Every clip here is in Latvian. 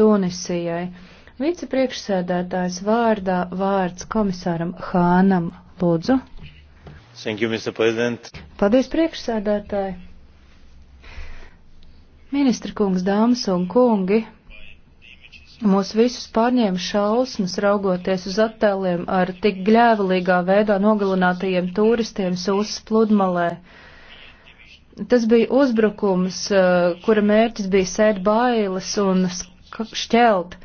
Tunisijai. Vicepriekšsēdētājs vārdā vārds komisāram Hānam Lūdzu. Thank you, Mr. President. Paldies, priekšsēdētāji. Ministra kungs, dāmas un kungi, mūs visus pārņēma šausmas raugoties uz attēliem ar tik gļēvelīgā veidā nogalinātajiem turistiem sūsas pludmalē. Tas bija uzbrukums, eh, kura mērķis bija sēt bailes un šķelt.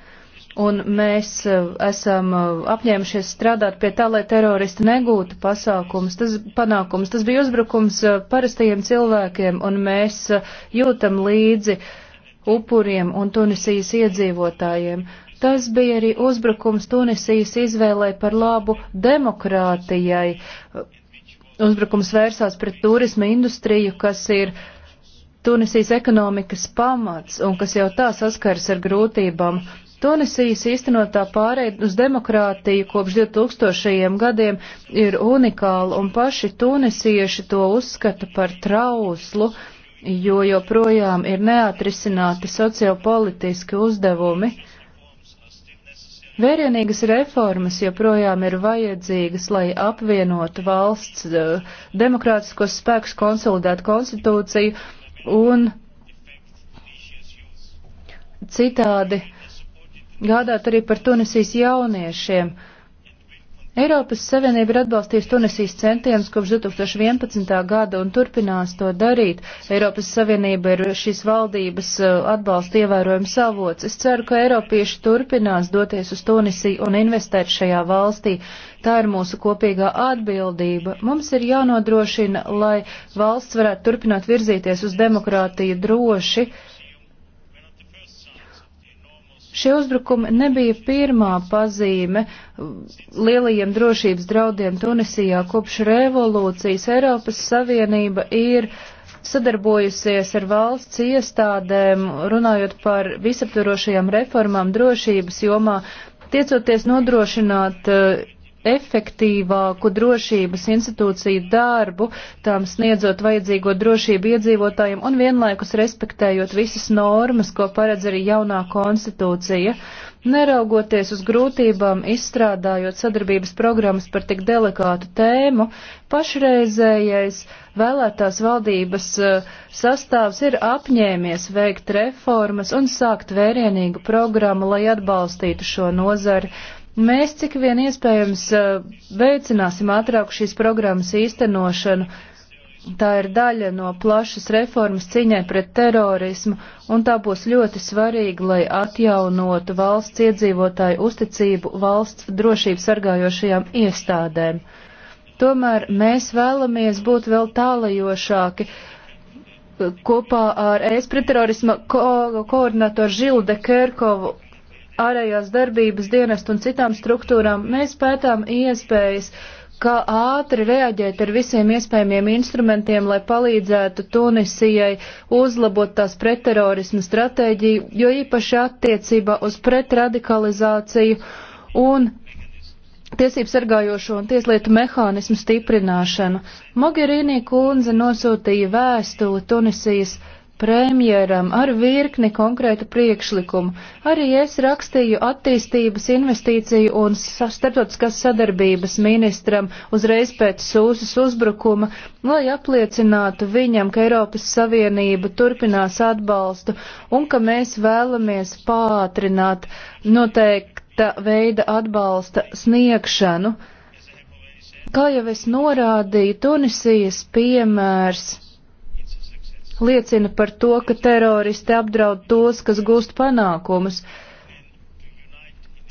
Un mēs eh, esam eh, apņēmušies strādāt pie tā, lai teroristi negūtu pasākums, tas panākums. Tas bija uzbrukums parastajiem cilvēkiem, un mēs jūtam līdzi upuriem un Tunisijas iedzīvotājiem. Tas bija arī uzbrukums Tunisijas izvēlē par labu demokrātijai, uzbrukums vērsās pret turisma industriju, kas ir Tunisijas ekonomikas pamats un kas jau tā saskars ar grūtībām. Tunisijas īstenotā pārēja uz demokrātiju kopš 2000. gadiem ir unikāla, un paši tunisieši to uzskata par trauslu, jo joprojām ir neatrisināti sociopolitiski uzdevumi. Vērienīgas reformas joprojām ir vajadzīgas, lai apvienotu valsts eh, demokrātiskos spēkus, konsolidētu konstitūciju un citādi gādāt arī par Tunisijas jauniešiem. Uh, Eiropas Savienība ir atbalstījusi Tunisijas centienus kopš 2011. gada un turpinās to darīt. Eiropas Savienība ir šīs valdības uh, atbalsta ievērojams savots. Es ceru, ka Eiropieši turpinās doties uz Tunisiju un investēt šajā valstī. Tā ir mūsu kopīgā atbildība. Mums ir jānodrošina, lai valsts varētu turpināt virzīties uz demokrātiju droši Šie uzbrukumi nebija pirmā pazīme lielajiem drošības draudiem Tunisijā. Kopš revolūcijas Eiropas Savienība ir sadarbojusies ar valsts iestādēm, runājot par visaptvarošajām reformām drošības jomā, tiecoties nodrošināt uh, efektīvāku drošības institūciju darbu, tām sniedzot vajadzīgo drošību iedzīvotājiem un vienlaikus respektējot visas normas, ko paredz arī jaunā konstitūcija. Neraugoties uz grūtībām, izstrādājot sadarbības programmas par tik delikātu tēmu, pašreizējais vēlētās valdības eh, sastāvs ir apņēmies veikt reformas un sākt vērienīgu programmu, lai atbalstītu šo nozari Mēs cik vien iespējams eh, veicināsim ātrāk šīs programmas īstenošanu. Tā ir daļa no plašas reformas cīņai pret terorismu, un tā būs ļoti svarīga, lai atjaunotu valsts iedzīvotāju uzticību valsts drošības sargājošajām iestādēm. Tomēr mēs vēlamies būt vēl tālajošāki eh, kopā ar ES pretterorisma ko koordinatoru Žilde Kerkovu ārējās darbības dienestu un citām struktūrām, mēs pētām iespējas, kā ātri reaģēt ar visiem iespējamiem instrumentiem, lai palīdzētu Tunisijai uzlabot tās pretterorismu stratēģiju, jo īpaši attiecībā uz pretradikalizāciju un tiesību sargājošo un tieslietu mehānismu stiprināšanu. Mogherini kundze nosūtīja vēstuli Tunisijas premjeram ar virkni konkrētu priekšlikumu. Arī es rakstīju attīstības, investīciju un starptautiskās sadarbības ministram uzreiz pēc Sūsas uzbrukuma, lai apliecinātu viņam, ka Eiropas Savienība turpinās atbalstu un ka mēs vēlamies pātrināt noteikta veida atbalsta sniegšanu. Kā jau es norādīju, Tunisijas piemērs liecina par to, ka teroristi apdraud tos, kas gūst panākumus.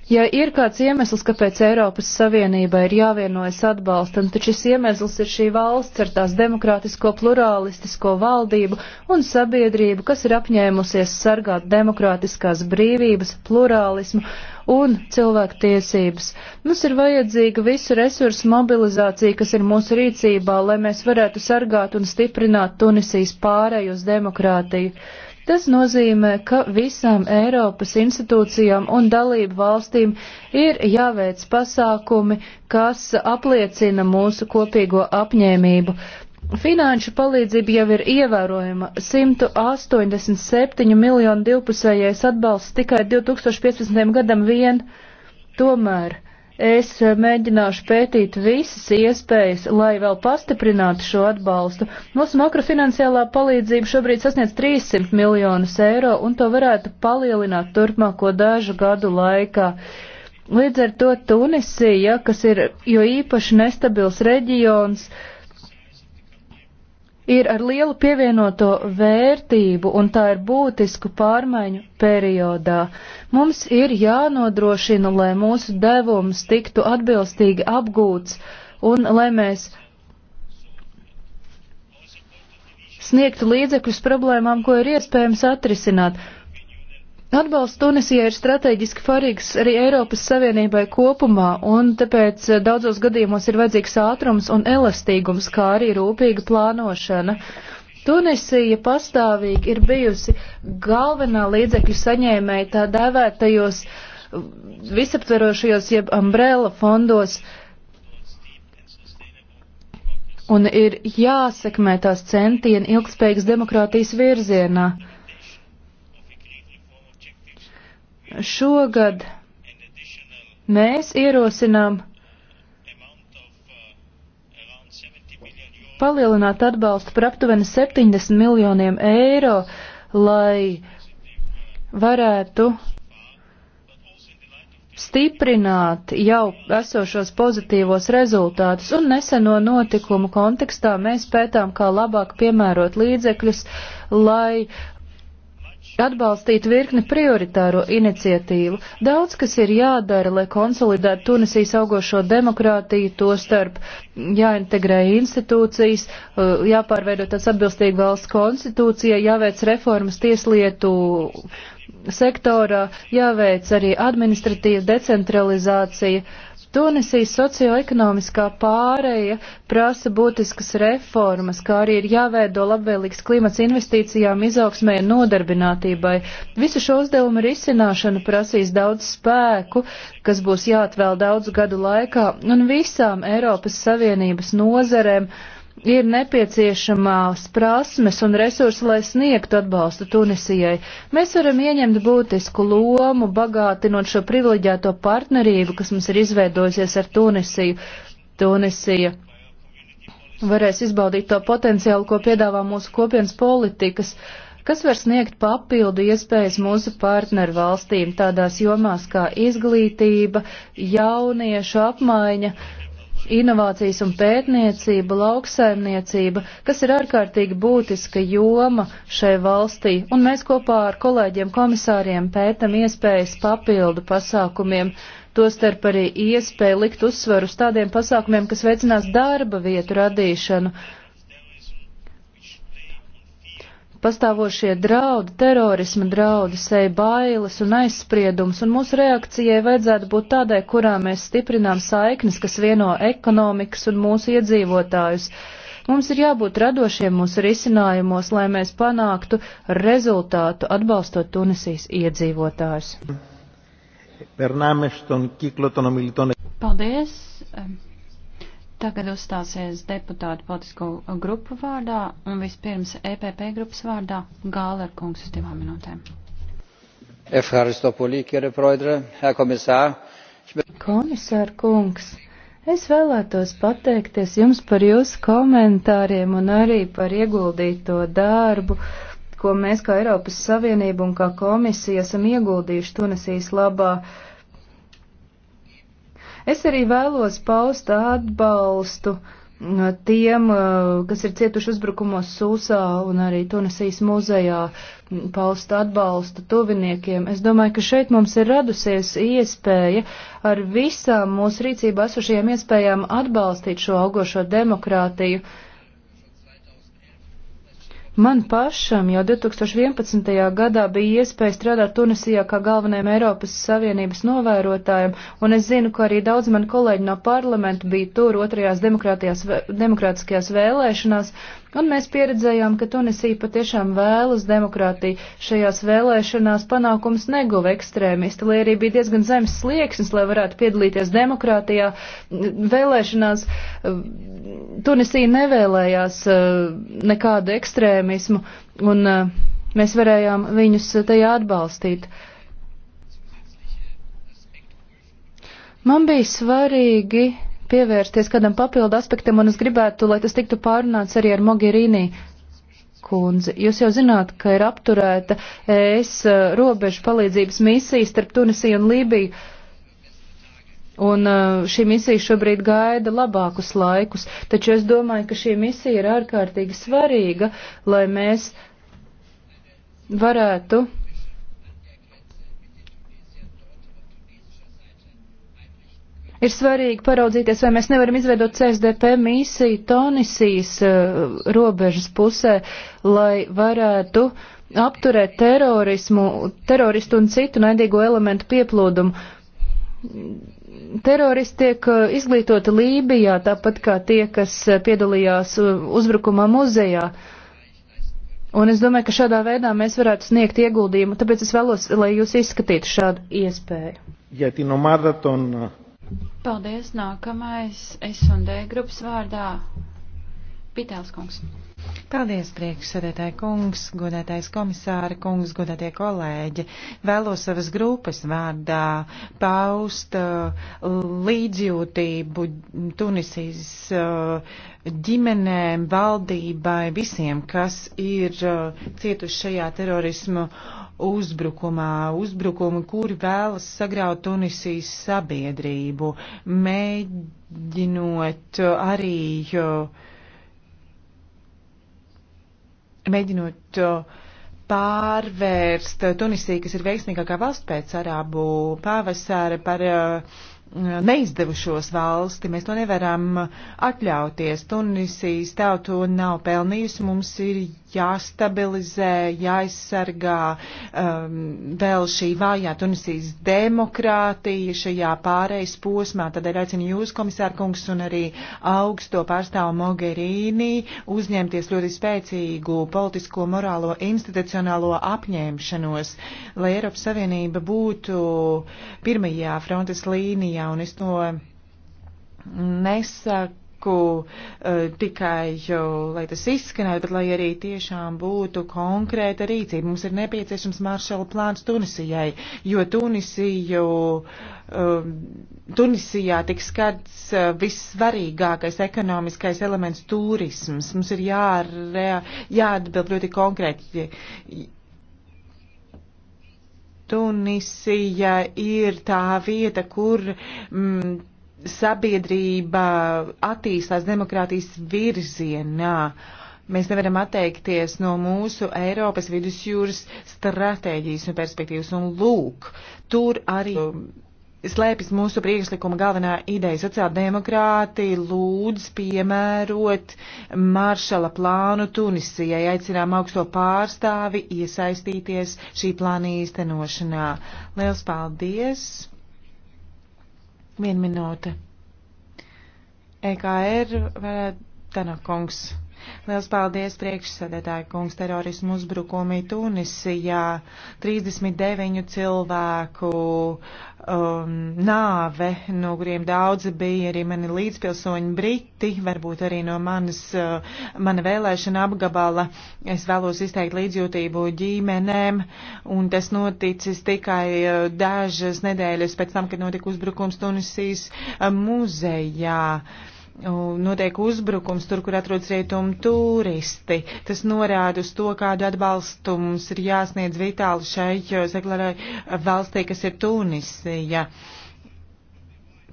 Ja ir kāds iemesls, kāpēc Eiropas Savienībai ir jāvienojas atbalstam, tad šis iemesls ir šī valsts ar tās demokrātisko pluralistisko valdību un sabiedrību, kas ir apņēmusies sargāt demokrātiskās brīvības, plurālismu un cilvēktiesības. Mums ir vajadzīga visu resursu mobilizācija, kas ir mūsu rīcībā, lai mēs varētu sargāt un stiprināt Tunisijas pārēju uz demokrātiju. Tas nozīmē, ka visām Eiropas institūcijām un dalību valstīm ir jāveic pasākumi, kas apliecina mūsu kopīgo apņēmību. Finanšu palīdzība jau ir ievērojama. 187 miljonu divpusējais atbalsts tikai 2015. gadam vien. Tomēr es mēģināšu pētīt visas iespējas, lai vēl pastiprinātu šo atbalstu. Mūsu makrofinanciālā palīdzība šobrīd sasniedz 300 miljonus eiro, un to varētu palielināt turpmāko dažu gadu laikā. Līdz ar to Tunisija, kas ir jo īpaši nestabils reģions, uh, ir ar lielu pievienoto vērtību un tā ir būtisku pārmaiņu periodā. Mums ir jānodrošina, lai mūsu devums tiktu atbilstīgi apgūts un lai mēs sniegtu līdzekļus problēmām, ko ir iespējams atrisināt. Atbalsts Tunisijai ir strateģiski svarīgs arī Eiropas Savienībai kopumā, un tāpēc eh, daudzos gadījumos ir vajadzīgs ātrums un elastīgums, kā arī rūpīga plānošana. Tunisija pastāvīgi ir bijusi galvenā līdzekļu saņēmēja tā dēvētajos eh, visaptverošajos jeb umbrella fondos, un ir jāsekmē tās centieni ilgspējīgas demokrātijas virzienā. Šogad mēs ierosinām palielināt atbalstu par aptuveni 70 miljoniem eiro, lai varētu stiprināt jau esošos pozitīvos rezultātus, un neseno notikumu kontekstā mēs pētām, kā labāk piemērot līdzekļus, lai atbalstīt virkni prioritāro iniciatīvu. Daudz, kas ir jādara, lai konsolidētu Tunisijas augošo demokrātiju, to starp jāintegrē institūcijas, eh, jāpārveido tāds atbilstīgi valsts konstitūcija, jāveic reformas tieslietu sektorā, jāveic arī administratīva decentralizācija. Tunisijas socioekonomiskā pāreja prasa būtiskas reformas, kā arī ir jāveido labvēlīgs klimats investīcijām, izaugsmē un nodarbinātībai. Visu šo uzdevumu risināšana prasīs daudz spēku, kas būs jāatvēl daudzu gadu laikā, un visām Eiropas Savienības nozerēm ir nepieciešamās prasmes un resursi, lai sniegtu atbalstu Tunisijai. Mēs varam ieņemt būtisku lomu, bagātinot šo privileģēto partnerību, kas mums ir izveidojusies ar Tunisiju. Tunisija varēs izbaudīt to potenciālu, ko piedāvā mūsu kopienas politikas, kas var sniegt papildu iespējas mūsu partneru valstīm tādās jomās kā izglītība, jauniešu apmaiņa inovācijas un pētniecība, lauksaimniecība, kas ir ārkārtīgi būtiska joma šai valstī, un mēs kopā ar kolēģiem komisāriem pētam iespējas papildu pasākumiem, tostarp arī iespēju likt uzsvaru uz tādiem pasākumiem, kas veicinās darba vietu radīšanu pastāvošie draudi, terorisma draudi, seja bailes un aizspriedums, un mūsu reakcijai vajadzētu būt tādai, kurā mēs stiprinām saiknes, kas vieno ekonomikas un mūsu iedzīvotājus. Mums ir jābūt radošiem mūsu risinājumos, lai mēs panāktu rezultātu atbalstot Tunisijas iedzīvotājus. Paldies! Tagad uzstāsies deputāti politisko grupu vārdā un vispirms EPP grupas vārdā Gāler kungs uz divām minūtēm. Komisār kungs, es vēlētos pateikties jums par jūsu komentāriem un arī par ieguldīto darbu, ko mēs kā Eiropas Savienība un kā komisija esam ieguldījuši Tunisijas labā. Uh, Es arī vēlos paust atbalstu mm, tiem, mm, kas ir cietuši uzbrukumos Sūsā un arī Tunisijas muzejā, mm, paust atbalstu tuviniekiem. Es domāju, ka šeit mums ir radusies iespēja ar visām mūsu rīcībā esošajām iespējām atbalstīt šo augošo demokrātiju. Uh, Man pašam jau 2011. gadā bija iespēja strādāt Tunisijā kā galvenajam Eiropas Savienības novērotājam, un es zinu, ka arī daudz mani kolēģi no parlamenta bija tur otrajās demokrātiskajās vēlēšanās, Un mēs pieredzējām, ka Tunisija patiešām vēlas demokrātiju. Šajās vēlēšanās panākums neguva ekstrēmisti, lai arī bija diezgan zemes slieksnis, lai varētu piedalīties demokrātijā. Vēlēšanās eh, Tunisija nevēlējās eh, nekādu ekstrēmismu, un eh, mēs varējām viņus tajā atbalstīt. Man bija svarīgi pievērsties kādam papildu aspektam, un es gribētu, lai tas tiktu pārunāts arī ar Mogherini kundzi. Jūs jau zināt, ka ir apturēta ES uh, robežu palīdzības misija starp Tunisiju un Lībiju. Un uh, šī misija šobrīd gaida labākus laikus, taču es domāju, ka šī misija ir ārkārtīgi svarīga, lai mēs varētu Ir svarīgi paraudzīties, vai mēs nevaram izveidot CSDP misiju Tonisijas uh, eh, robežas pusē, lai varētu apturēt terorismu, teroristu un citu naidīgo elementu pieplūdumu. Teroristi tiek eh, izglītoti Lībijā, tāpat kā tie, kas eh, piedalījās uzbrukumā muzejā. Un es domāju, ka šādā veidā mēs varētu sniegt ieguldījumu, tāpēc es vēlos, lai jūs izskatītu šādu iespēju. Ja Paldies. Nākamais S&D grupas vārdā Pitēls kungs. Paldies, priekšsēdētāji kungs, godētais komisāri kungs, godētie kolēģi. Vēlos savas grupas vārdā paust uh, līdzjūtību Tunisijas uh, ģimenēm, valdībai, visiem, kas ir uh, cietuši šajā terorismu uzbrukumā, uzbrukumi, kuri vēlas sagraut Tunisijas sabiedrību, mēģinot arī, mēģinot pārvērst Tunisiju, kas ir veiksmīgākā valsts pēc arābu pavasara par neizdevušos valsti. Mēs to nevaram atļauties. Tunisijas tautu nav pelnījusi. Mums ir jāstabilizē, jāizsargā um, vēl šī vājā Tunisijas demokrātija šajā pārejas posmā. Tādēļ aicinu jūs, komisārkungs, un arī augsto pārstāvu Mogherīni uzņemties ļoti spēcīgu politisko, morālo, institucionālo apņēmšanos, lai Eiropas Savienība būtu pirmajā frontes līnijā, un es to nesaku risku uh, eh, tikai, jo, lai tas izskanētu, bet lai arī tiešām būtu konkrēta rīcība. Mums ir nepieciešams maršala plāns Tunisijai, jo Tunisiju, uh, Tunisijā tik skats uh, vissvarīgākais ekonomiskais elements - turisms. Mums ir jāre, jāatbild ļoti konkrēti. Tunisija ir tā vieta, kur. Mm, sabiedrība attīstās demokrātijas virzienā. Mēs nevaram atteikties no mūsu Eiropas vidusjūras stratēģijas un perspektīvas. Un lūk, tur arī slēpjas mūsu priekšlikuma galvenā ideja. Sociāldemokrāti lūdz piemērot maršala plānu Tunisijai, aicinām augsto pārstāvi iesaistīties šī plāna īstenošanā. Liels paldies! Vienu minūti. EKR er, varētu Tanakungs. Liels paldies priekšsēdētāju kungs terorismu uzbrukumi Tunisijā. 39 cilvēku um, nāve, no kuriem daudzi bija arī mani līdzpilsoņi Briti, varbūt arī no manas, uh, mana vēlēšana apgabala. Es vēlos izteikt līdzjūtību ģimenēm, un tas noticis tikai uh, dažas nedēļas pēc tam, kad notika uzbrukums Tunisijas uh, muzejā. Uh, notiek uzbrukums tur, kur atrodas rietumu turisti. Tas norāda uz to, kādu atbalstu mums ir jāsniedz vitāli šai sekulārai valstī, kas ir Tunisija. Ja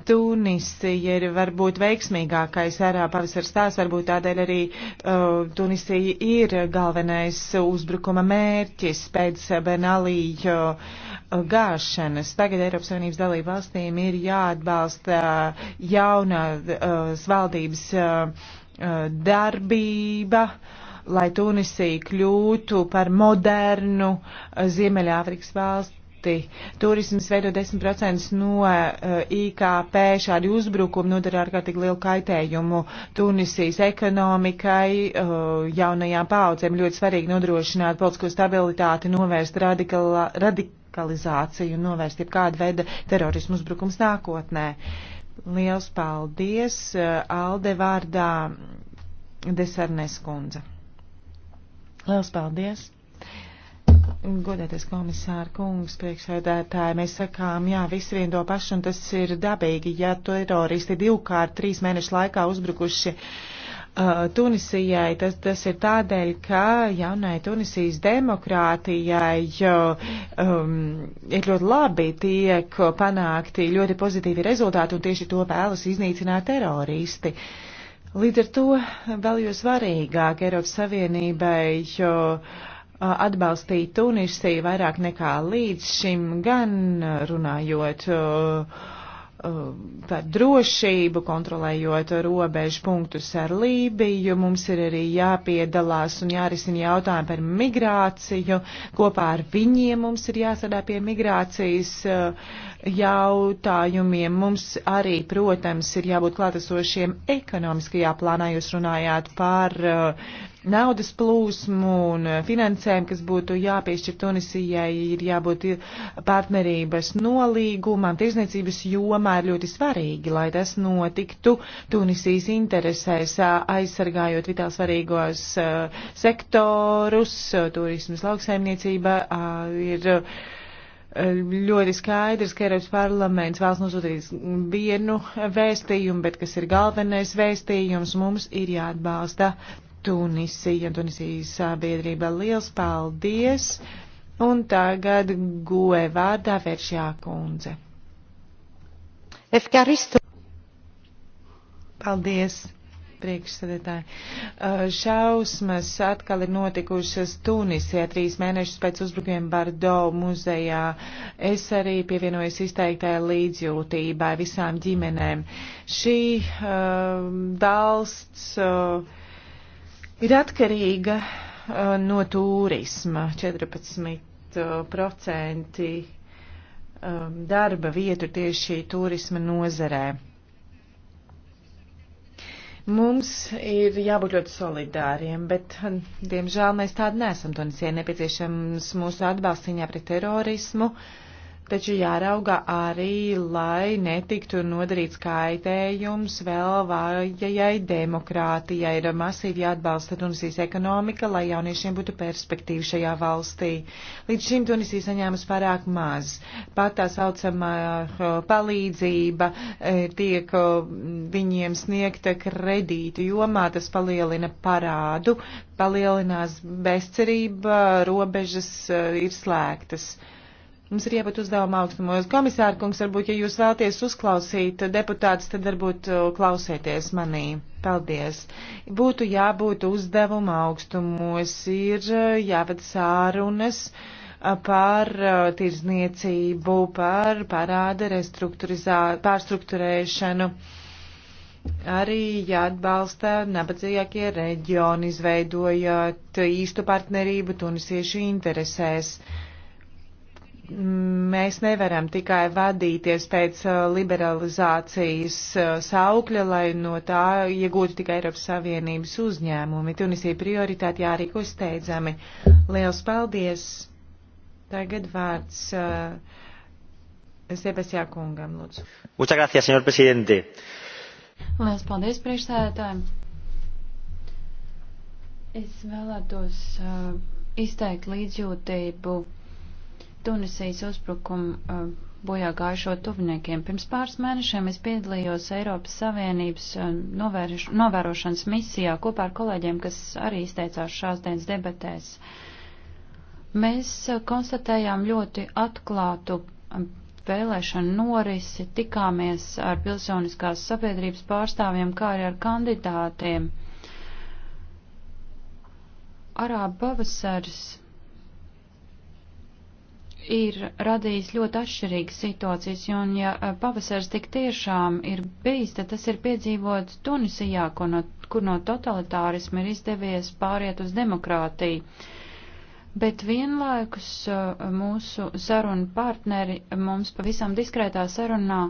Tunisija ir varbūt veiksmīgākais ārā pavasara stāsts, varbūt tādēļ arī uh, Tunisija ir galvenais uzbrukuma mērķis pēc Benalī uh, gāšanas. Tagad Eiropas Savienības dalību valstīm ir jāatbalsta uh, jaunās uh, valdības uh, uh darbība. Uh, lai Tunisija kļūtu par modernu uh, Ziemeļāfrikas valsti citi. Turisms veido 10% no uh, eh, IKP. Šādi uzbrukumi nodara ārkārtīgi lielu kaitējumu Tunisijas ekonomikai, uh, jaunajām paudzēm. Ļoti svarīgi nodrošināt politisko stabilitāti, novērst radikala, radikalizāciju un novērst jebkādu veidu terorismu uzbrukums nākotnē. Liels paldies uh, Alde vārdā Desarnes kundze. Liels paldies! Godēties komisāra kungs, priekšsēdētāji, mēs sakām, jā, visi vien to pašu, un tas ir dabīgi, ja teroristi divkārt trīs mēnešu laikā uzbrukuši uh, Tunisijai. Tas, tas ir tādēļ, ka jaunai Tunisijas demokrātijai um, ir ļoti labi tiek panākti ļoti pozitīvi rezultāti, un tieši to vēlas iznīcināt teroristi. Līdz ar to vēl jo svarīgāk Eiropas Savienībai, jo. Uh, atbalstīt Tunisiju vairāk nekā līdz šim, gan runājot par drošību, kontrolējot robežu punktus ar Lībiju. Mums ir arī jāpiedalās un jārisina jautājumi par migrāciju. Kopā ar viņiem mums ir jāsadā pie migrācijas jautājumiem. Mums arī, protams, ir jābūt klātesošiem ekonomiskajā plānā. Jūs runājāt par uh, naudas plūsmu un eh, finansējumu, kas būtu jāpiešķir Tunisijai, ir jābūt eh, partnerības nolīgumam, tirzniecības jomā ir ļoti svarīgi, lai tas notiktu Tunisijas interesēs, aizsargājot vitāli svarīgos sektorus, turismas lauksaimniecība ir ļoti skaidrs, ka Eiropas parlaments vēlas nosūtīt vienu vēstījumu, bet kas ir galvenais vēstījums, mums ir jāatbalsta Tunisija un Tunisijas sabiedrība. Liels paldies! Un tagad goe vārdā vēršjā kundze. Efkaristu. Paldies! priekšsēdētāji. Uh, šausmas atkal ir notikušas Tunisijā trīs mēnešus pēc uzbrukumiem Bardo muzejā. Es arī pievienojos izteiktai līdzjūtībai visām ģimenēm. Šī uh, valsts. Uh, ir atkarīga uh, no turisma. 14% uh, um, darba vietu tieši turisma nozarē. Mums ir jābūt ļoti solidāriem, bet, uh, diemžēl, mēs tādi nesam. Tunisijai nepieciešams mūsu atbalsts cīņā pret terorismu. Uh, taču jārauga arī, lai netiktu nodarīts kaitējums vēl vājajai demokrātijai. Ir masīvi jāatbalsta Tunisijas ekonomika, lai jauniešiem būtu perspektīva šajā valstī. Līdz šim Tunisija saņēmas pārāk maz. Pat tā saucamā uh, palīdzība eh, tiek uh, viņiem sniegta kredītu jomā, tas palielina parādu, palielinās bezcerība, robežas uh, ir slēgtas. Mums ir jābūt uzdevuma augstumos. Komisāra kungs, varbūt, ja jūs vēlaties uzklausīt deputātus, tad varbūt uh, klausieties manī. Paldies. Būtu jābūt uzdevuma augstumos, ir uh, jāved sārunas uh, par tirzniecību, par parāda pārstruktūrēšanu. Arī jāatbalsta nabadzīgākie reģioni, izveidojot īstu partnerību tunisiešu interesēs. Uh, mēs nevaram tikai vadīties pēc uh, liberalizācijas uh, saukļa, lai no tā iegūtu tikai Eiropas Savienības uzņēmumi. Tunisija prioritāti jārīko steidzami. Liels paldies! Tagad vārds uh, Sebastijā kungam, lūdzu. Muchas gracias, señor presidente. Liels paldies, priekšsēdētājiem. Es vēlētos uh, izteikt līdzjūtību Tunisijas uzbrukumu uh, bojā gājušo tuviniekiem. Pirms pāris mēnešiem es piedalījos Eiropas Savienības uh, novērš, novērošanas misijā kopā ar kolēģiem, kas arī izteicās šās dienas debatēs. Mēs uh, konstatējām ļoti atklātu um, vēlēšanu norisi, tikāmies ar pilsoniskās sabiedrības pārstāvjiem, kā arī ar kandidātiem. Arāba pavasaris ir radījis ļoti atšķirīgas situācijas, un ja eh, pavasars tik tiešām ir bijis, tad tas ir piedzīvots Tunisijā, kur no, kur no totalitārisma ir izdevies pāriet uz demokrātiju. Bet vienlaikus eh, mūsu sarunu partneri mums pavisam diskrētā sarunā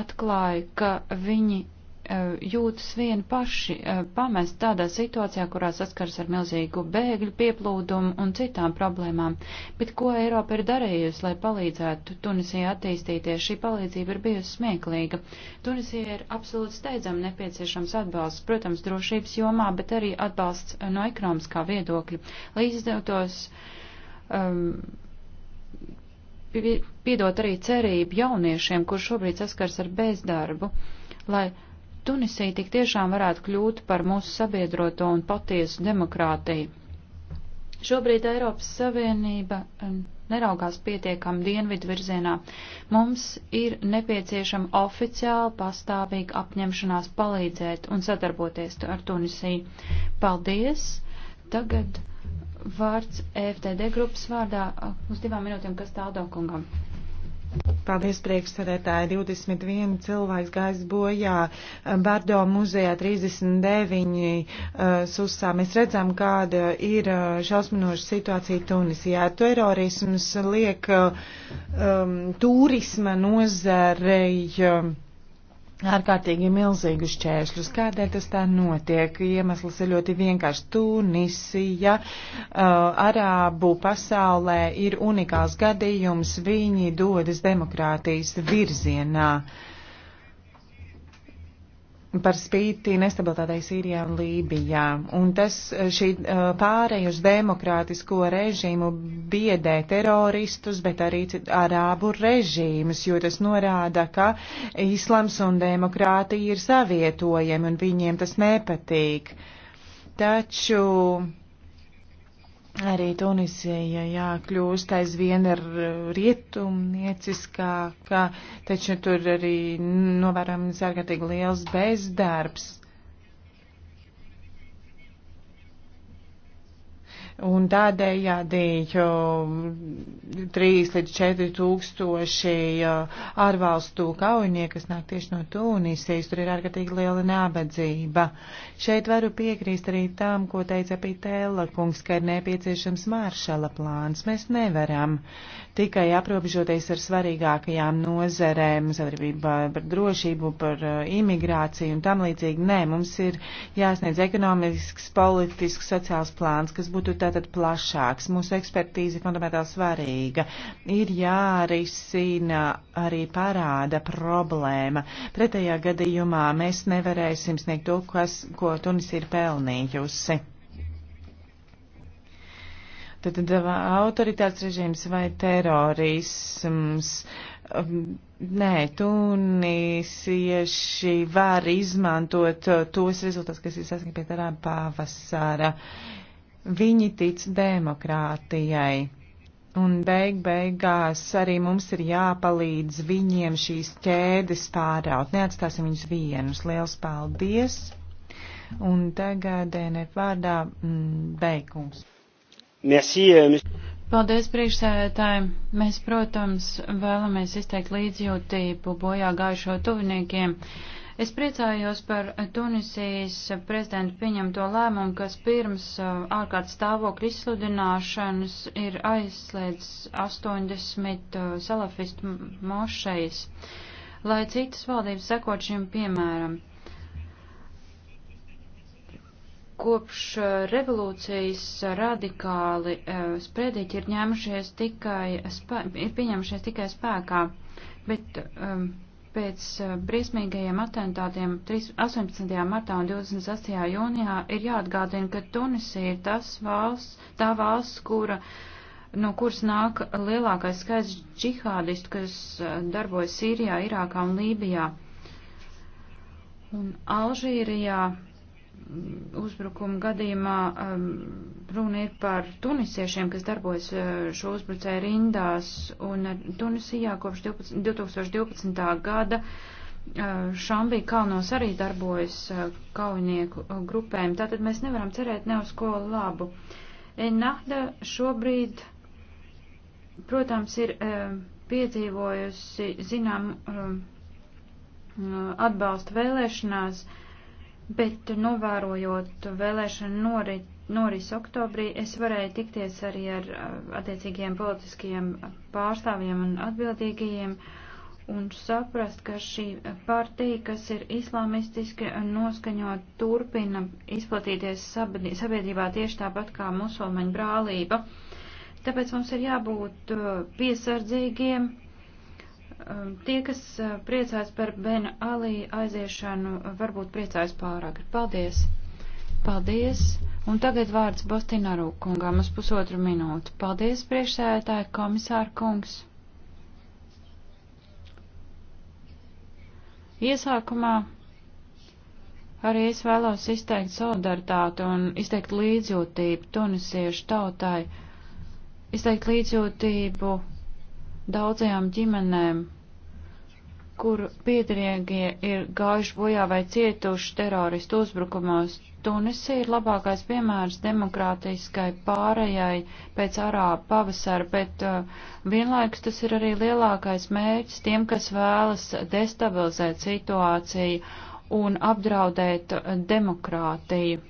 atklāja, ka viņi E, jūtas vieni paši e, pamest tādā situācijā, kurā saskars ar milzīgu bēgļu pieplūdumu un citām problēmām. Bet ko Eiropa ir darījusi, lai palīdzētu Tunisijai attīstīties? Šī palīdzība ir bijusi smieklīga. Tunisijai ir absolūti steidzami nepieciešams atbalsts, protams, drošības jomā, bet arī atbalsts no ekonomiskā viedokļa, lai izdotos. Um, Piedot arī cerību jauniešiem, kur šobrīd saskars ar bezdarbu, lai uh, Tunisija tik tiešām varētu kļūt par mūsu sabiedroto un patiesu demokrātiju. Šobrīd Eiropas Savienība um, neraugās pietiekam dienvidu virzienā. Mums ir nepieciešama oficiāla pastāvīga apņemšanās palīdzēt un sadarboties ar Tunisiju. Paldies! Tagad vārds EFTD grupas vārdā uh, uz divām minūtēm, kas tālāk kungam. Paldies, priekšsēdētāji. 21 cilvēks gājis bojā. Bardo muzejā 39 uh, susā. Mēs redzam, kāda ir uh, šausminoša situācija Tunisijā. Terorisms liek uh, um, turisma nozarei. Uh, ārkārtīgi milzīgu šķēršļus. Kādēļ tas tā notiek? Iemesls ir ļoti vienkārši. Tunisija uh, arābu pasaulē ir unikāls gadījums. Viņi dodas demokrātijas virzienā. Uh, par spīti nestabilitātei Sīrijā un Lībijā. Un tas eh, šī eh, pārēj uz demokrātisko režīmu biedē teroristus, bet arī arābu režīmus, jo tas norāda, ka islams un demokrātija ir savietojami un viņiem tas nepatīk. Taču Arī Tunisija jākļūst aizvien ar eh, rietumnieciskākā, taču tur arī novērojams ārkārtīgi liels bezdarbs. Un tādējādi jau 3 mm, līdz 4 tūkstoši ārvalstu kaujinieki, kas nāk tieši no Tunisijas, tur ir ārkārtīgi liela nabadzība. Šeit varu piekrīst arī tam, ko teica Pitēla kungs, ka ir nepieciešams māršala plāns. Mēs nevaram tikai aprobežoties ar svarīgākajām nozerēm, sadarbībā par drošību, par eh, imigrāciju un tam līdzīgi. Nē, mums ir jāsniedz ekonomisks, politisks, sociāls plāns, kas būtu tātad plašāks. Mūsu ekspertīze fundamentāli svarīga. Ir jārisina arī parāda problēma. Pretējā gadījumā mēs nevarēsim sniegt to, kas, ko Tunis ir pelnījusi. Tad autoritāts režīms vai terorisms. Um, nē, tunisieši var izmantot tos rezultātus, kas ir saskaņā pie tādā pavasara. Uh, Viņi tic demokrātijai. Un beig beigās arī mums ir jāpalīdz viņiem šīs ķēdes pāraut. Neatstāsim viņus vienus. Liels paldies! Un tagad DNF vārdā mm, beigums. Merci, uh, Paldies priekšsēdētājiem. Mēs, protams, vēlamies izteikt līdzjūtību bojā gājušo tuviniekiem. Uh, Es priecājos par Tunisijas prezidenta pieņemto lēmumu, kas pirms uh, ārkārtas stāvokļa izsludināšanas ir aizslēdzis 80 uh, salafistu mošejas, lai citas valdības sekot šim piemēram. Kopš uh, revolūcijas radikāli sprediķi ir ņēmušies tikai, ir pieņemšies tikai spēkā, bet um, pēc eh, briesmīgajiem atentātiem 18. martā un 26. jūnijā ir jāatgādina, ka Tunisija ir tas valsts, tā valsts, kura, no kuras nāk lielākais skaits džihādistu, kas eh, darbojas Sīrijā, Irākā un Lībijā. Un Alžīrijā uzbrukuma gadījumā um, runa ir par tunisiešiem, kas darbojas eh, šo uzbrucēju rindās, un eh, Tunisijā kopš 12, 2012. gada eh, Šambī kalnos arī darbojas kaujinieku grupēm, tātad mēs nevaram cerēt ne uz ko labu. Nahda šobrīd, protams, ir piedzīvojusi, zinām, atbalstu vēlēšanās, bet novērojot vēlēšanu norit, noris oktobrī es varēju tikties arī ar uh, attiecīgiem politiskajiem pārstāvjiem un atbildīgajiem un saprast, ka šī partija, kas ir islamistiski noskaņot, turpina izplatīties sabiedrībā tieši tāpat kā musulmaņu brālība. Tāpēc mums ir jābūt uh, piesardzīgiem. Um, tie, kas uh, priecājas par Bena Alī aiziešanu, varbūt priecājas pārāk. Paldies! Paldies! Un tagad vārds Bostināru kungām uz pusotru minūtu. Paldies, priekšsēdētāji, komisāra kungs. Iesākumā arī es vēlos izteikt solidaritāti un izteikt līdzjūtību tunisiešu tautai, izteikt līdzjūtību daudzajām ģimenēm, kuru piedarīgie ir gājuši bojā vai cietuši teroristu uzbrukumos. Tunisija ir labākais piemērs demokrātiskai pārējai pēc arāba pavasara, bet uh, vienlaikus tas ir arī lielākais mērķis tiem, kas vēlas destabilizēt situāciju un apdraudēt demokrātiju.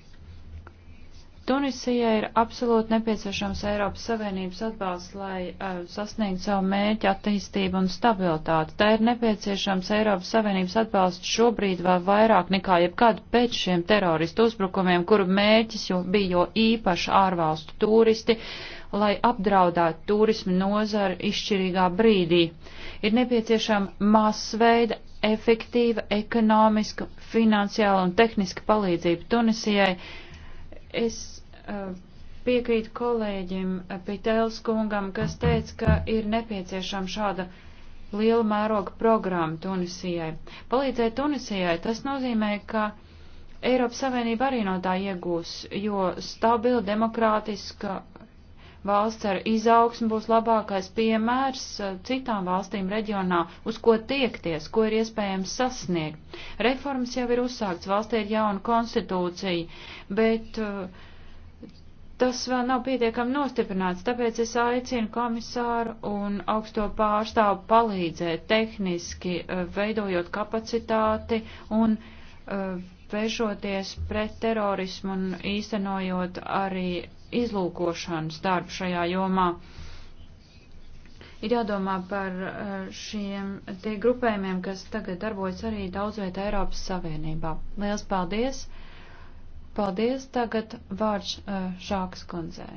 Tunisija ir absolūti nepieciešams Eiropas Savienības atbalsts, lai uh, sasniegtu savu mērķu attīstību un stabilitāti. Tā ir nepieciešams Eiropas Savienības atbalsts šobrīd vēl vairāk nekā jebkad pēc šiem teroristu uzbrukumiem, kuru mērķis jo bija jo īpaši ārvalstu turisti, lai apdraudētu turismu nozaru izšķirīgā brīdī. Ir nepieciešama masveida efektīva ekonomiska, finansiāla un tehniska palīdzība Tunisijai, Es uh, piekrītu kolēģim uh, Pitēls kungam, kas teica, ka ir nepieciešama šāda liela mēroga programma Tunisijai. Palīdzēt Tunisijai, tas nozīmē, ka Eiropas Savienība arī no tā iegūs, jo stabila, demokrātiska valsts ar izaugsmu būs labākais piemērs uh, citām valstīm reģionā, uz ko tiekties, ko ir iespējams sasniegt. Reformas jau ir uzsākts, valstī ir jauna konstitūcija, bet uh, tas vēl nav pietiekami nostiprināts, tāpēc es aicinu komisāru un augsto pārstāvu palīdzēt tehniski, uh, veidojot kapacitāti un vēršoties pret terorismu un īstenojot arī izlūkošanas darbu šajā jomā. Ir jādomā par eh, šiem tie grupējumiem, kas tagad darbojas arī daudzviet Eiropas Savienībā. Liels paldies! Paldies tagad vārds eh, Žākas kundzei.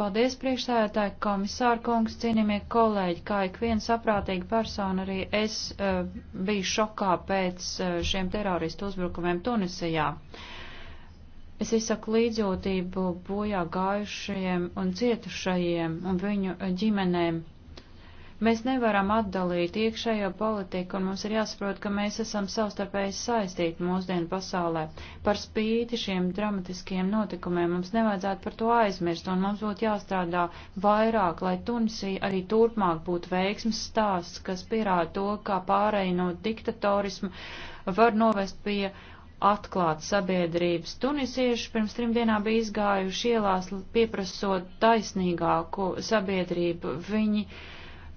Paldies priekšsēdētāji, komisāra kungs, cienījamie kolēģi, kā ik viena saprātīga persona arī es uh, biju šokā pēc uh, šiem teroristu uzbrukumiem Tunisijā. Uh, Es izsaku līdzjūtību bojā gājušajiem un cietušajiem un viņu ģimenēm. Mēs nevaram atdalīt iekšējo politiku, un mums ir jāsaprot, ka mēs esam savstarpēji saistīti mūsdienu pasaulē. Par spīti šiem dramatiskiem notikumiem mums nevajadzētu par to aizmirst, un mums būtu jāstrādā vairāk, lai Tunisija arī turpmāk būtu veiksmes stāsts, kas pierāda to, kā pārēj no diktatorismu var novest pie atklāt sabiedrības. Tunisieši pirms trim dienām bija izgājuši ielās pieprasot taisnīgāku sabiedrību. Viņi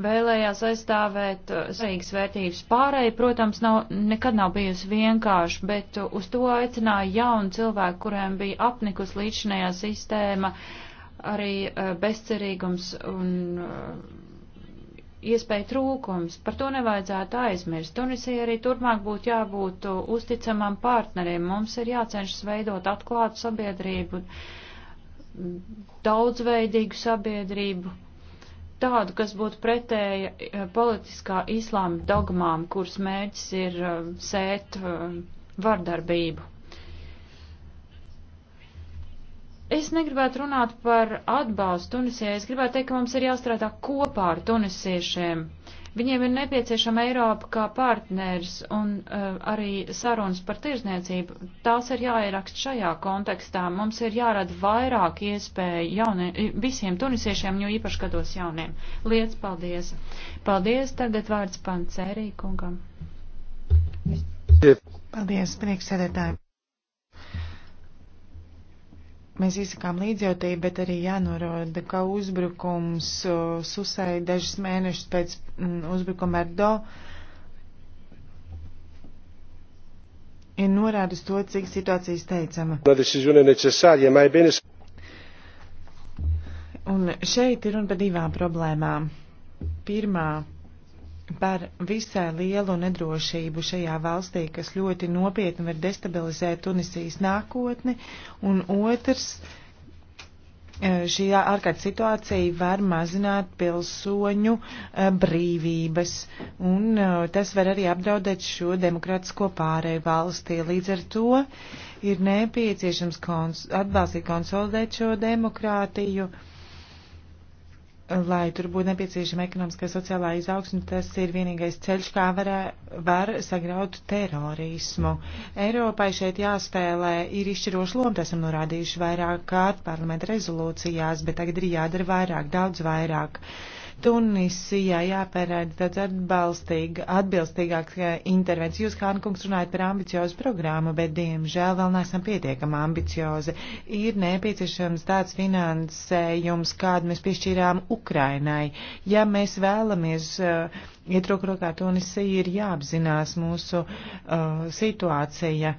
vēlējās aizstāvēt uh, svarīgas vērtības pārēji. Protams, nav, nekad nav bijusi vienkārši, bet uh, uz to aicināja jauni cilvēki, kuriem bija apnikus līdzinējā sistēma, arī uh, bezcerīgums un iespēja trūkums. Par to nevajadzētu aizmirst. Tunisija arī turpmāk būtu jābūt uh, uzticamam partnerim. Mums ir jācenšas veidot atklātu sabiedrību, daudzveidīgu sabiedrību, tādu, kas būtu pretēja uh, politiskā islāma dogmām, kuras mērķis ir uh, sēt vardarbību. Es negribētu runāt par atbalstu Tunisijai. Es gribētu teikt, ka mums ir jāstrādā kopā ar tunisiešiem. Viņiem ir nepieciešama Eiropa kā partners un uh, arī sarunas par tirzniecību. Tās ir jāierakst šajā kontekstā. Mums ir jārada vairāk iespēju jaunie, visiem tunisiešiem, jo īpaši gados jauniem. Liec, paldies. Paldies. Tagad vārds pancerī kungam. Paldies, priekšsēdētāji. Mēs izsakām līdzjūtību, bet arī jānorāda, ka uzbrukums susai dažus mēnešus pēc uzbrukuma Erdo ir norādus to, cik situācija steidzama. Un šeit ir runa par divām problēmām. Pirmā par visai lielu nedrošību šajā valstī, kas ļoti nopietni var destabilizēt Tunisijas nākotni, un otrs, e, šī ārkārtas situācija var mazināt pilsoņu e, brīvības, un e, tas var arī apdraudēt šo demokrātisko pārēju valstī. Līdz ar to ir nepieciešams kons atbalstīt konsolidēt šo demokrātiju lai tur būtu nepieciešama ekonomiskā sociālā izaugsme, tas ir vienīgais ceļš, kā varē, var sagraut terorismu. Eiropai šeit jāspēlē ir izšķiroša loma, tas esam norādījuši vairāk kārt parlamenta rezolūcijās, bet tagad ir jādara vairāk, daudz vairāk. Uh, Tunisijā jāpērēd tāds atbilstīgāks eh, intervencija. Jūs, Hānkungs, runājat par ambiciozu programmu, bet, diemžēl, vēl neesam pietiekami ambiciozi. Ir nepieciešams tāds finansējums, kādu mēs piešķīrām Ukrainai. Ja mēs vēlamies uh, eh, ietrok rokā Tunisiju, ir jāapzinās mūsu uh, situācija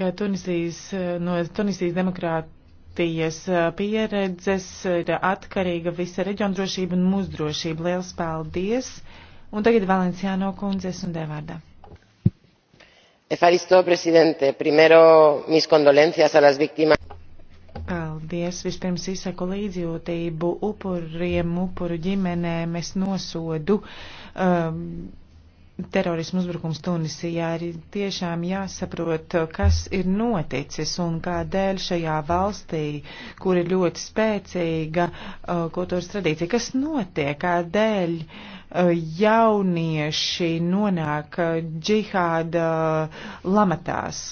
ka Tunisijas, no Tunisijas demokrāt, Baltijas pieredzes ir atkarīga visa reģiona drošība un mūsu drošība. Liels paldies! Un tagad Valenciāno kundzes un Devārdā. Efaristo, presidente, primero mis condolencias a las víctimas. Paldies! Vispirms izsaku līdzjūtību upuriem, upuru ģimenēm. Es nosodu. Um, terorismu uzbrukums Tunisijā ir tiešām jāsaprot, kas ir noticis un kādēļ šajā valstī, kur ir ļoti spēcīga uh, kultūras tradīcija, kas notiek, kādēļ uh, jaunieši nonāk uh, džihāda uh, lamatās.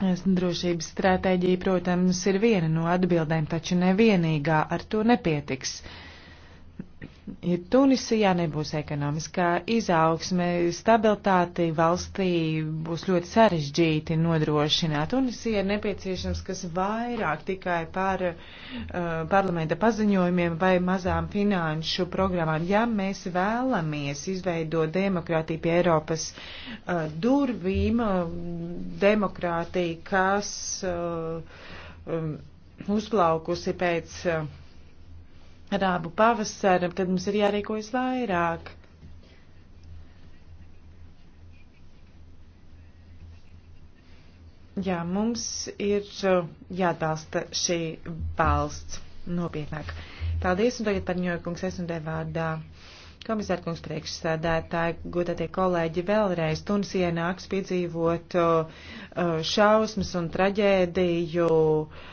Drošības stratēģija, protams, ir viena no atbildēm, taču nevienīgā ar to nepietiks. Uh, Ja Tunisijā nebūs ekonomiskā izaugsme, stabilitāti valstī būs ļoti sarežģīti nodrošināt. Tunisija ir nepieciešams kas vairāk tikai par uh, parlamenta paziņojumiem vai mazām finanšu programmām. Ja mēs vēlamies izveidot demokrātiju pie Eiropas uh, durvīm, uh, demokrātiju, kas uh, um, uzplaukusi pēc. Uh, arābu pavasaram, tad mums ir jārīkojas vairāk. Jā, mums ir uh, jāatbalsta šī valsts nopietnāk. Paldies, un tagad par ņokungs esmu vārdā. Komisārkungs priekšsēdētāji, godātie kolēģi, vēlreiz Tunisijā nāks piedzīvot uh, uh, šausmas un traģēdiju. Uh,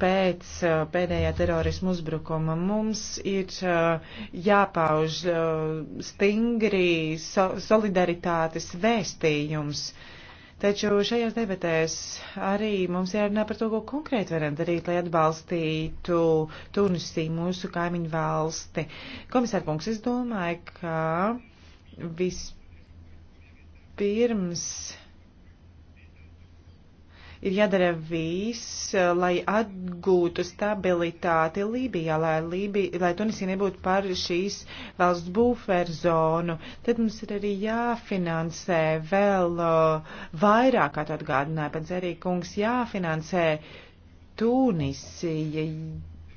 pēc eh, pēdējā terorismu uzbrukuma. Mums ir eh, jāpauž eh, stingri solidaritātes vēstījums. Taču šajās debatēs arī mums jārunā par to, ko konkrēti varam darīt, lai atbalstītu Tunisiju, mūsu kaimiņu valsti. Komisārkungs, es domāju, ka vispirms ir jādara viss, eh, lai atgūtu stabilitāti Lībijā, lai, Lībi, lai Tunisija nebūtu par šīs valsts buferzonu. Tad mums ir arī jāfinansē vēl eh, vairāk, kā tu atgādināji, pats arī kungs, jāfinansē Tunisija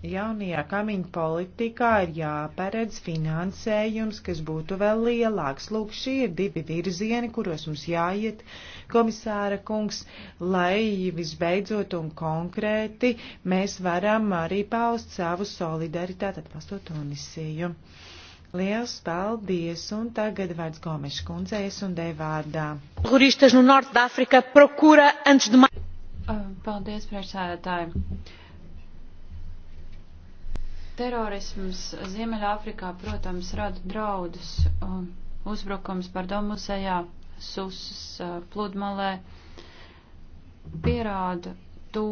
Jaunajā kamiņu politikā ir jāparedz finansējums, kas būtu vēl lielāks. Lūk, šie ir divi virzieni, kuros mums jāiet, komisāra kungs, lai visbeidzot un konkrēti mēs varam arī paust savu solidaritāti atbalstot Tunisiju. Liels paldies, un tagad vārds Gomeša kundzēs un devārdā. Paldies, priekšsēdētāji. Terorisms Ziemeļāfrikā, protams, rada draudus um, uzbrukums par domusējā, susas uh, pludmalē, pierāda to,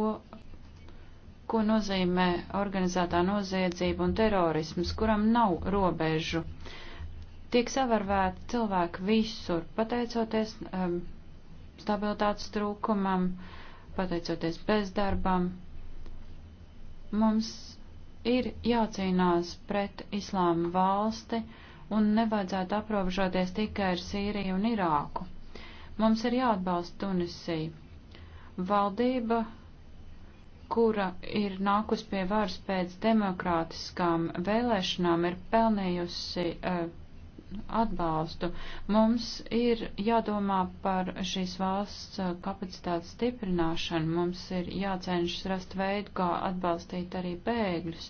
ko nozīmē organizētā noziedzība un terorisms, kuram nav robežu. Tiek savarvēti cilvēki visur, pateicoties um, stabilitātes trūkumam, pateicoties bezdarbam. Mums ir jācīnās pret islāma valsti un nevajadzētu aprobežoties tikai ar Sīriju un Irāku. Mums ir jāatbalsta Tunisija. Valdība, kura ir nākus pie varas pēc demokrātiskām vēlēšanām, ir pelnījusi uh, atbalstu. Mums ir jādomā par šīs valsts uh, kapacitātes stiprināšanu, mums ir jācenšas rast veidu, kā atbalstīt arī bēgļus.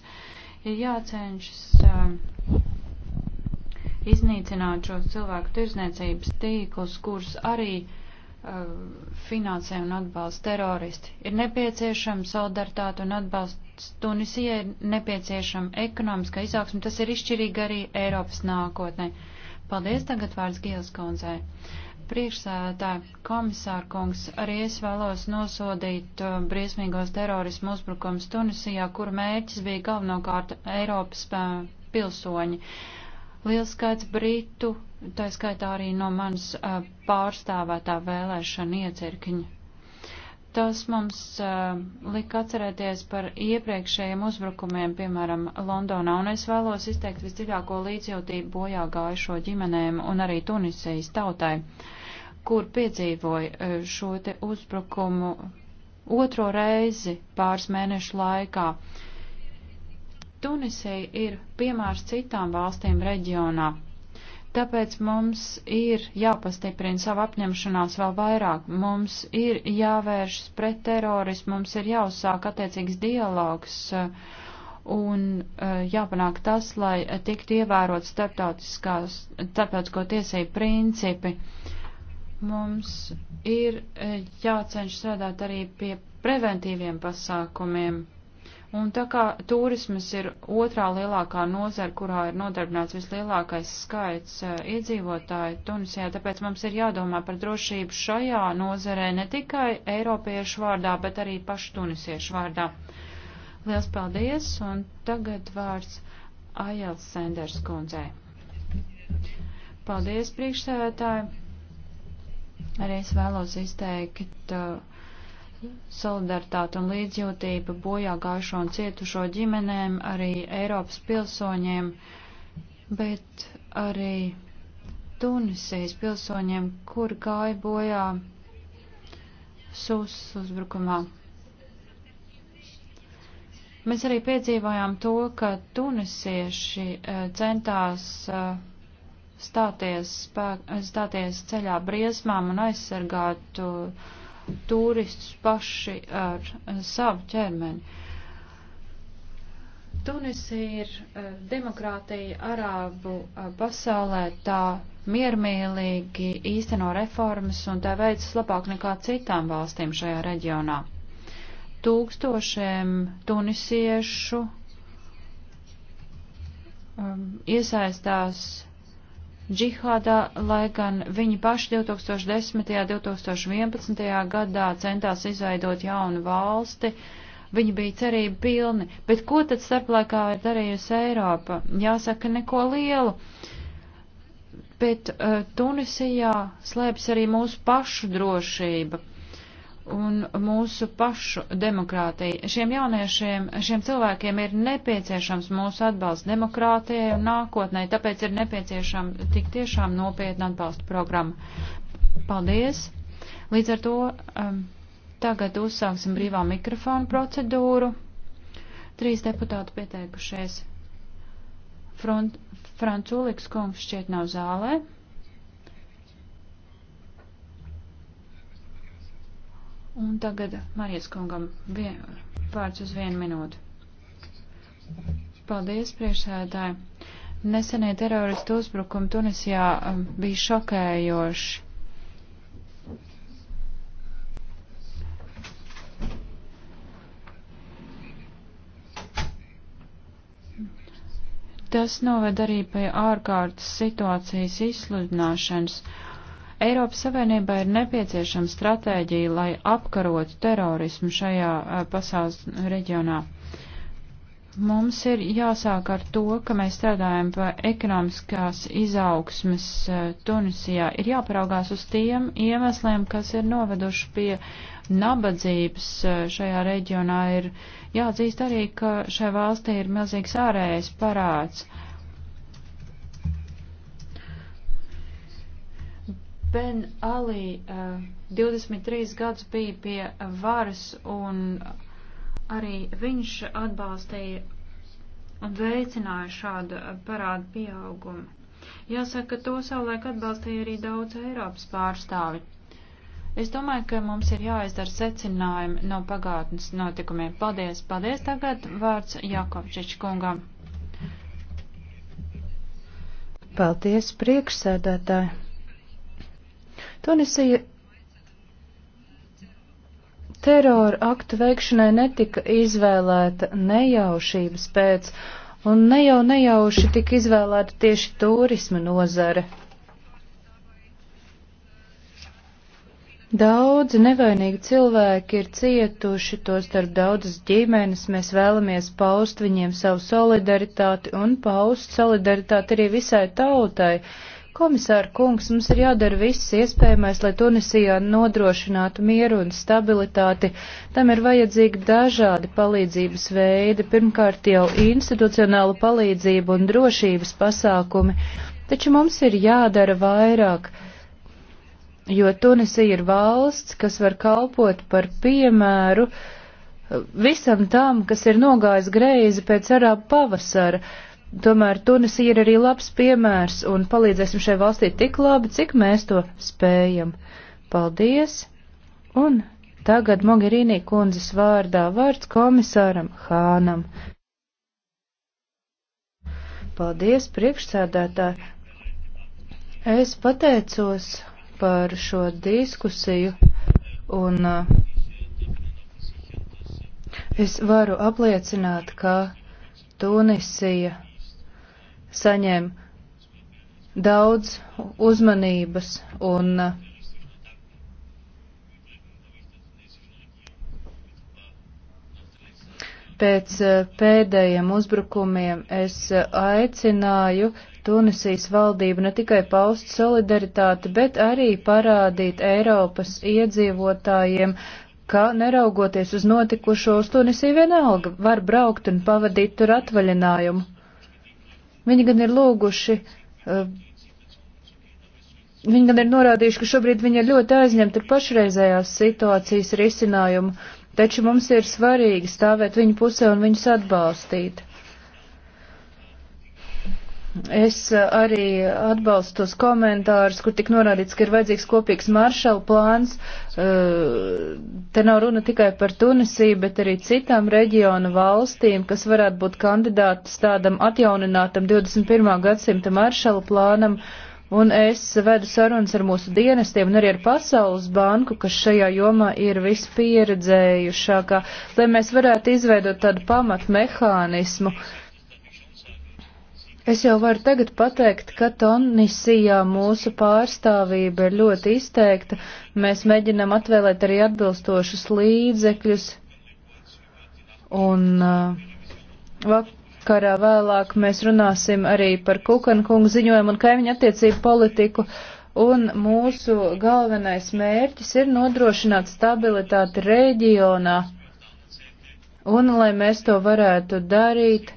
Ir jācenšas uh, iznīcināt šo cilvēku tirzniecības tīklus, kurus arī uh, Uh, finansē un atbalsta teroristi. Ir nepieciešama solidaritāte un atbalsts Tunisijai, ir nepieciešama ekonomiskā izaugsme. Tas ir izšķirīgi arī Eiropas nākotnē. Paldies tagad vārds Gīles kundzei. Priekšsēdētāji, komisāra kungs, arī es vēlos nosodīt uh, briesmīgos terorismu uzbrukums Tunisijā, kur mērķis bija galvenokārt Eiropas uh, pilsoņi. Uh, Liels skaits britu, tā skaitā arī no manas uh, pārstāvētā vēlēšana iecirkņa. Tas mums uh, lika atcerēties par iepriekšējiem uzbrukumiem, piemēram, Londonā, un es vēlos izteikt visdziļāko līdzjūtību bojā gājušo ģimenēm un arī Tunisijas tautai, kur piedzīvoja uh, šo te uzbrukumu otro reizi pāris mēnešu laikā. Uh, Tunisija ir piemērs citām valstīm reģionā. Tāpēc mums ir jāpastiprina savu apņemšanās vēl vairāk, mums ir jāvēršas pret terorismu, mums ir jāuzsāk attiecīgs dialogs un eh, jāpanāk tas, lai tiktu ievērot starptautisko tiesību principi. Mums ir eh, jācenš strādāt arī pie preventīviem pasākumiem. Un tā kā turismas ir otrā lielākā nozara, kurā ir nodarbināts vislielākais skaits eh, iedzīvotāju Tunisijā, tāpēc mums ir jādomā par drošību šajā nozarē ne tikai eiropiešu vārdā, bet arī pašu tunisiešu vārdā. Liels paldies, un tagad vārds Ajels Sanders kundzei. Paldies, priekšsēdētāji. Arī es vēlos izteikt. Uh, solidaritāte un līdzjūtība bojā gājušo un cietušo ģimenēm, arī Eiropas pilsoņiem, bet arī Tunisijas pilsoņiem, kur gāja bojā SUS uzbrukumā. Mēs arī piedzīvojām to, ka tunisieši eh, centās eh, stāties, spēk, stāties ceļā briesmām un aizsargāt uh, turistus paši ar eh, savu ķermeni. Tunisija ir eh, demokrātija arābu eh, pasaulē, tā miermīlīgi īsteno reformas un tā veicas labāk nekā citām valstīm šajā reģionā. Tūkstošiem tunisiešu um, iesaistās džihādā, lai gan viņi paši 2010. un 2011. gadā centās izveidot jaunu valsti. Viņi bija cerība pilni, bet ko tad starplaikā ir darījusi Eiropa? Jāsaka, neko lielu. Bet uh, Tunisijā slēpjas arī mūsu pašu drošība un mūsu pašu demokrātiju. Šiem jauniešiem, šiem cilvēkiem ir nepieciešams mūsu atbalsts demokrātijai un nākotnē, tāpēc ir nepieciešama tik tiešām nopietna atbalsta programma. Paldies! Līdz ar to um, tagad uzsāksim brīvā mikrofonu procedūru. Trīs deputāti pieteikušies. Front, Franculiks kungs šķiet nav zālē. Un tagad Marijas kungam vien, vārds uz vienu minūtu. Paldies, priekšsēdētāji. Nesenie teroristu uzbrukumi Tunisijā um, bija šokējoši. Tas noved arī pie ārkārtas situācijas izsludināšanas Eiropas Savienībā ir nepieciešama stratēģija, lai apkarotu terorismu šajā pasaules reģionā. Mums ir jāsāk ar to, ka mēs strādājam pie ekonomiskās izaugsmes Tunisijā. Ir jāparaugās uz tiem iemesliem, kas ir noveduši pie nabadzības šajā reģionā. Ir jāatzīst arī, ka šajā valstī ir milzīgs ārējais parāds. Uh, Ben Ali 23 eh, gadus bija pie varas un arī viņš atbalstīja un veicināja šādu parādu pieaugumu. Jāsaka, ka to savulaik atbalstīja arī daudz Eiropas pārstāvi. Es domāju, ka mums ir jāizdara secinājumi no pagātnes notikumiem. Paldies, paldies tagad vārds Jakovčič kungam. Paldies, priekšsēdētāji. Tunisija terora aktu veikšanai netika izvēlēta nejaušības pēc, un ne jau nejauši tika izvēlēta tieši turisma nozare. Daudzi nevainīgi cilvēki ir cietuši, to starp daudzas ģimenes mēs vēlamies paust viņiem savu solidaritāti un paust solidaritāti arī visai tautai. Uh, Komisāra kungs, mums ir jādara viss iespējamais, lai Tunisijā nodrošinātu mieru un stabilitāti. Tam ir vajadzīgi dažādi palīdzības veidi, pirmkārt jau institucionāla palīdzība un drošības pasākumi, taču mums ir jādara vairāk, jo Tunisija ir valsts, kas var kalpot par piemēru visam tam, kas ir nogājis greizi pēc arābu pavasara. Tomēr Tunisija ir arī labs piemērs un palīdzēsim šai valstī tik labi, cik mēs to spējam. Paldies! Un tagad Mogherīnī kundzes vārdā vārds komisāram Hānam. Paldies, priekšsēdētāji! Es pateicos par šo diskusiju un uh, es varu apliecināt, ka Tunisija saņem daudz uzmanības un pēc eh, pēdējiem uzbrukumiem es eh, aicināju Tunisijas valdību ne tikai paust solidaritāti, bet arī parādīt Eiropas iedzīvotājiem, ka neraugoties uz notikušo, uz Tunisiju vienalga var braukt un pavadīt tur atvaļinājumu. Viņi gan ir lūguši, eh, viņi gan ir norādījuši, ka šobrīd viņi ir ļoti aizņemti ar pašreizējās situācijas risinājumu, taču mums ir svarīgi stāvēt viņu pusē un viņus atbalstīt. Es eh, arī atbalstu tos komentārus, kur tik norādīts, ka ir vajadzīgs kopīgs maršala plāns. Eh, te nav runa tikai par Tunisiju, bet arī citām reģionu valstīm, kas varētu būt kandidātas tādam atjauninātam 21. gadsimta maršala plānam. Un es vedu sarunas ar mūsu dienestiem un arī ar Pasaules banku, kas šajā jomā ir vispieredzējušākā, lai mēs varētu izveidot tādu pamatmehānismu. mehānismu Es jau varu tagad pateikt, ka Tunisijā mūsu pārstāvība ir ļoti izteikta. Mēs mēģinam atvēlēt arī atbilstošus līdzekļus. Un uh, vakarā vēlāk mēs runāsim arī par Kukankungu ziņojumu un kaimiņu attiecību politiku. Un mūsu galvenais mērķis ir nodrošināt stabilitāti reģionā. Un, lai mēs to varētu darīt,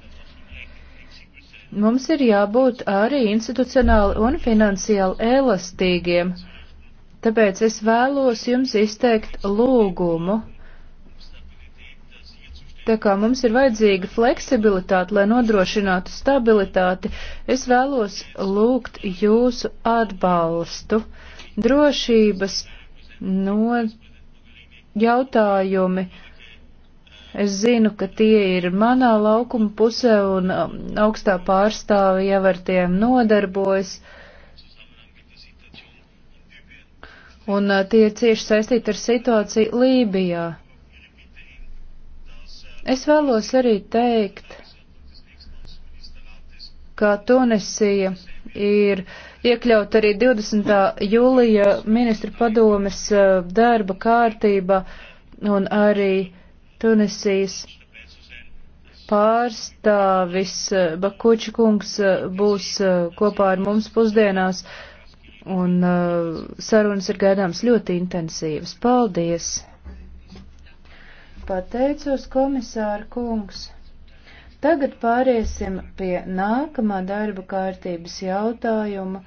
mums ir jābūt arī institucionāli un finansiāli elastīgiem. Tāpēc es vēlos jums izteikt lūgumu. Tā kā mums ir vajadzīga fleksibilitāte, lai nodrošinātu stabilitāti, es vēlos lūgt jūsu atbalstu. Drošības no jautājumi Es zinu, ka tie ir manā laukuma pusē un um, augstā pārstāve jau ar tiem nodarbojas. Un uh, tie ir cieši saistīti ar situāciju Lībijā. Es vēlos arī teikt, ka Tunisija ir iekļaut arī 20. jūlija ministra padomes uh, darba kārtība un arī Tunisijas pārstāvis eh, Bakuči kungs eh, būs eh, kopā ar mums pusdienās, un sarunas ir gaidāms ļoti intensīvas. Paldies! Pateicos, komisāra kungs! Tagad pāriesim pie nākamā darba kārtības jautājuma.